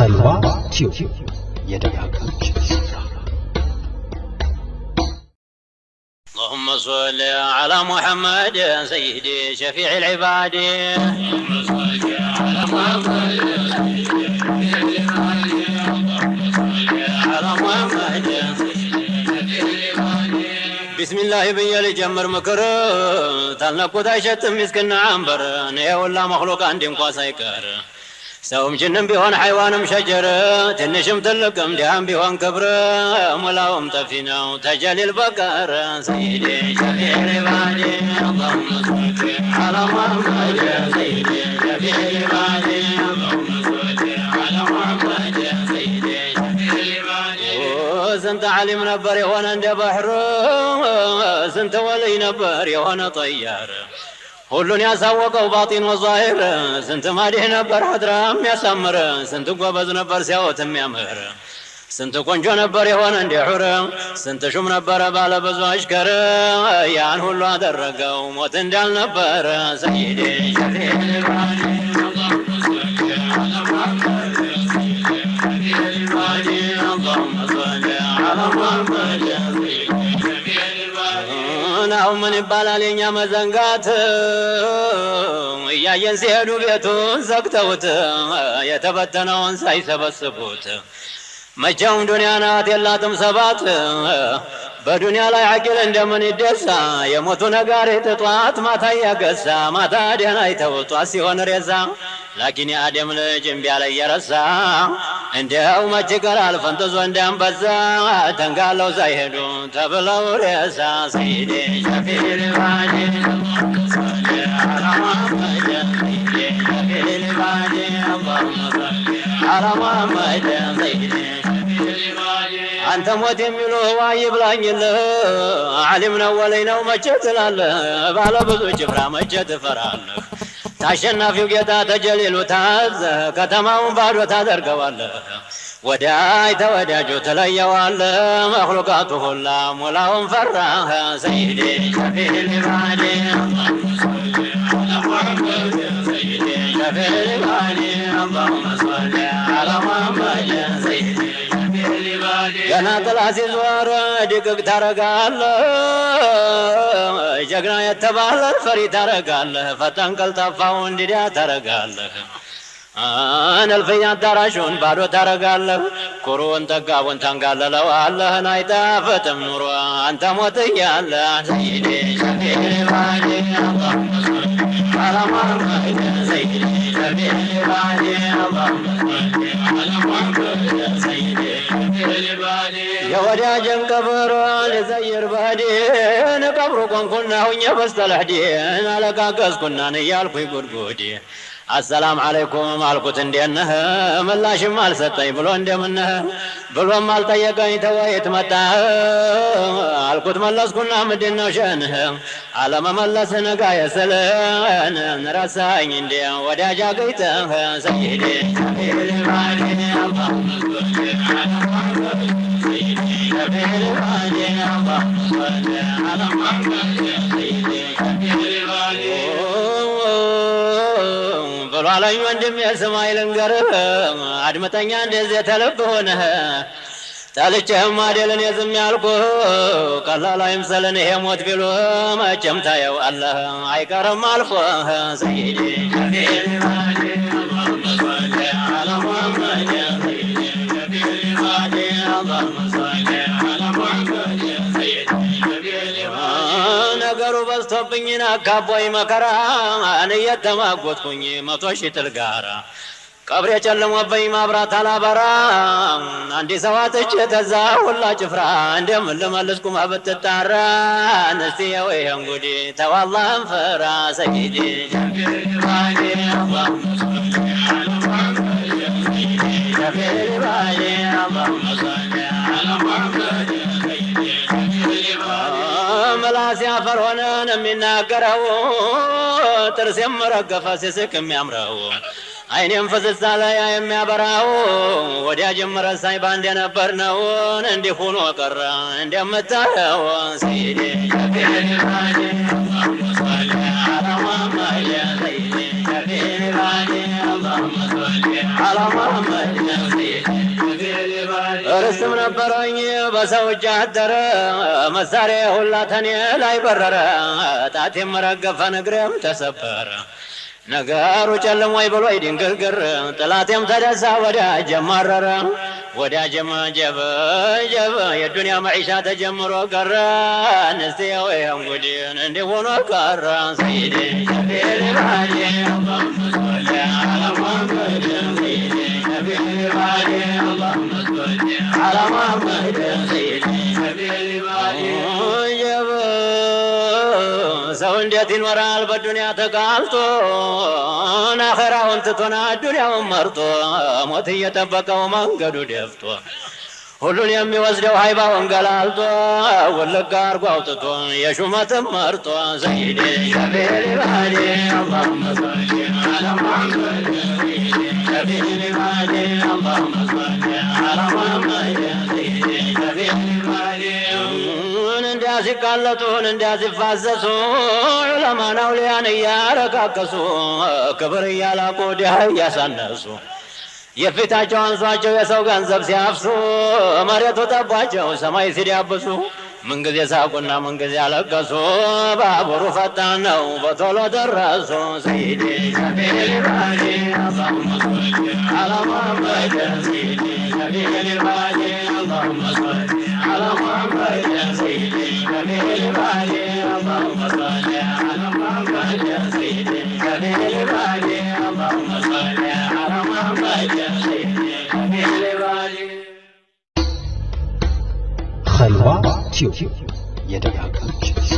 很快就也这样去了。اللهم صل على محمد سيدي شفيع العباد اللهم صل على محمد بسم الله بيا لي جمر مكر تلنا قد مسكن عنبر نيا ولا مخلوق عندي مقاسيكر سوم جنم بيهون حيوان شجرة تنشم تلقم دعم بيهون كبرة ملاهم تفينا تجل البقرة سيدي شفيع ربادي اللهم صل على محمد سيدي شفيع ربادي على سيدي سنت علي منبر يهون عند بحر سنت ولي نبر وانا طيار ሁሉን ያሳወቀው ባጢን ወዛሂር ስንት ማዲህ ነበር ሀድራ የሚያሳምር ስንት ጎበዝ ነበር ሲያወት የሚያምር ስንት ቆንጆ ነበር የሆነ እንዲሑር ስንት ሹም ነበረ ባለ ብዙ አሽከር ያን ሁሉ አደረገው ሞት እንዳልነበረ ሰይዴ ሸፊ ያው ምን ይባላል የኛ መዘንጋት? እያየን ሲሄዱ ቤቱን ዘግተውት የተበተነውን ሳይሰበስቡት መቼውም ዱንያ ናት የላትም ሰባት በዱንያ ላይ አቂል እንደምን ይደሳ የሞቱ ነጋሪት ጧት ማታ እያገሳ ማታ ደህና ይተውጧት ሲሆን ሬሳ ላኪን የአደም ልጅ እምቢ አለ እየረሳ እንዲያው መች ይቀራል ፈንጥዞ እንዲያንበዛ ተንጋለው ሳይሄዱ ተብለው ሬሳ ሲሄድ ሸፊር ባዴ አንተ ሞት የሚሉህ ዋ ይብላኝልህ አሊም ነው ወለይ ነው መቼ ትላለህ? ባለ ብዙ ጭፍራ መቼ ትፈራለህ? ታሸናፊው ጌታ ተጀሌሉ ታዘ ከተማውን ባዶ ታደርገዋለ ወዳይ ተወዳጁ ተለየዋለ መክሉቃቱ ሁላ ሙላውን ፈራ ሰይዴ ሸፊ ሊባዴ ጥላ ሲዞር ድቅቅ ታረጋለህ፣ ጀግና የተባለ ፈሪ ታረጋለህ፣ ፈጣን ቀልጣፋውን እንዲዳ ታረጋለህ፣ እልፍኝ አዳራሹን ባዶ ታረጋለህ፣ ኩሩን ጠጋቡን ታንጋለለዋለህን። አይጣፍጥም ኑሮ አንተ ሞት እያለ ሰይዴ ሸፊል ባዴ ሰይዴ ሰይዴ የወዳጀን ቀብሮ ልዘይር በህዴን ቀብሩ ቆንኩና ሁኘ በስተለህዴን አለቃቀስኩናን እያልኩኝ ጉድጉድ አሰላም አለይኩም አልኩት። እንዴነህ ምላሽም አልሰጠኝ ብሎ እንደምነህ ብሎም አልጠየቀኝ። ተወይት መጣ አልኩት መለስኩና ምድነው ሸንህ አለመመለስ ነጋ የስልን ረሳኝ እንዴ ወዳጅ አገኝተህ ሰይዴ ባዴ አላሁ አክበር በሏላኝ ወንድም የስማይ ልንገር አድመጠኛ እንደዚህ የተለብ ሆነህ ጠልቼህም አደልን የዝም ያልኩ ቀላል አይምሰልን ይሄ ሞት ቢሉ መቼም ታየው አለህ አይቀርም አልፎ ሰይዴ ነገሩ በዝቶብኝን አካቦይ መከራ አን የተማጎትኩኝ መቶ ሺህ ትል ጋራ ቀብሬ ጨልሞብኝ ማብራት አላበራ አንዲ ሰዋትች ተዛ ሁላ ጭፍራ እንደምን ልመልስ ቁማ ብትጣራ እንስቲ የወይህን ጉዲ ተዋላህን ፍራ ሰጊድ ባዴ አፈር ሆነን የሚናገረው ጥርስ ረገፈ ሲስቅ የሚያምረው አይኔም ፍዝዛ ላይ የሚያበራው ወዲያጅም ረሳኝ ባንድ የነበርነውን እንዲህ ሆኖ ቀረ እንደምታየው ሲዲ አላማ መንግስትም ነበረኝ በሰው እጅ አደረ መሳሪያ ሁላ ተኔ ላይ በረረ። ጣቴም ረገፈን እግሬም ተሰበረ። ነገሩ ወይ ብሎ ይድንግርግር ጥላቴም ተደሳ ወዳጅ ማረረ ወዳጅም ጀበጀበ የዱንያ መዒሻ ተጀምሮ ቀረ ንስቴ ወይ ጉድን እንዲሆኖ ቀረ ሰይድ ሸፌ ልባሌ ሰው እንዴት ይኖራል በዱንያ ተጋልጦ አኸራውን ትቶና ዱንያውን መርጦ ሞት እየጠበቀው መንገዱ ደፍቶ ሁሉን የሚወስደው ሀይባውን ገላልጦ ወለጋ አርጎ አውጥቶ የሹመትም መርጦ ሰይዴ ሸፊዕ ሊባዴ አላሁመ ሰሊ አላ ሙሐመድ አላሁመ ሰሊ አላ ሲቃለጡን እንዲያ ሲፋዘሱ ዑለማን አውልያን እያረቃቀሱ ክብር እያላቁ ዲያ እያሳነሱ የፊታቸው አንሷቸው የሰው ገንዘብ ሲያፍሱ መሬቱ ጠቧቸው ሰማይ ሲዳብሱ ምንጊዜ ሳቁና ምንጊዜ አለቀሱ። ባቡሩ ፈጣን ነው በቶሎ ደረሱ። ሰይዴ ሸፊል አላሁመ አላ 很快就也这样感觉。